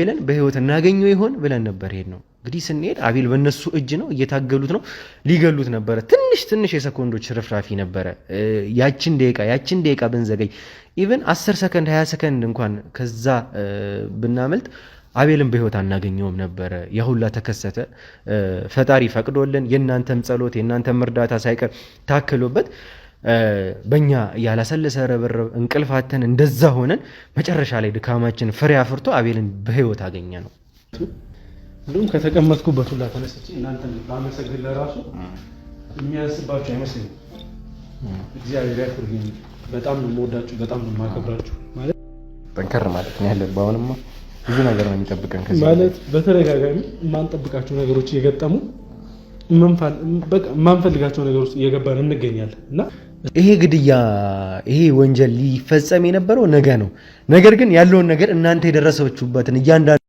ብለን በህይወት እናገኘው ይሆን ብለን ነበር ሄድ ነው። እንግዲህ ስንሄድ አቤል በእነሱ እጅ ነው፣ እየታገሉት ነው፣ ሊገሉት ነበረ። ትንሽ ትንሽ የሰኮንዶች ርፍራፊ ነበረ። ያችን ደቂቃ ያችን ደቂቃ ብንዘገኝ ኢቨን 10 ሰከንድ 20 ሰከንድ እንኳን ከዛ ብናመልጥ አቤልን በህይወት አናገኘውም ነበረ። ያሁላ ተከሰተ። ፈጣሪ ፈቅዶልን የእናንተም ጸሎት የእናንተም እርዳታ ሳይቀር ታክሎበት በእኛ ያላሰለሰ ርብርብ እንቅልፍ እንደዛ ሆነን መጨረሻ ላይ ድካማችን ፍሬ አፍርቶ አቤልን በህይወት አገኘ ነው። እንዲሁም ከተቀመጥኩበት ሁላ ተነስቼ እናንተን ባመሰግን ለራሱ የሚያስባቸው አይመስልም። እግዚአብሔር ያክብርልኝ። በጣም ነው የምወዳችሁ፣ በጣም ነው የማከብራችሁ። ማለት ጠንከር ማለት ነው ያለብህ። አሁንማ ብዙ ነገር ነው የሚጠብቀን ከዚህ ማለት በተደጋጋሚ የማንጠብቃቸው ነገሮች እየገጠሙ ማንፈልጋቸው ነገር ውስጥ እየገባን እንገኛለን እና ይሄ ግድያ ይሄ ወንጀል ሊፈጸም የነበረው ነገ ነው። ነገር ግን ያለውን ነገር እናንተ የደረሰችሁበትን እያንዳንዱ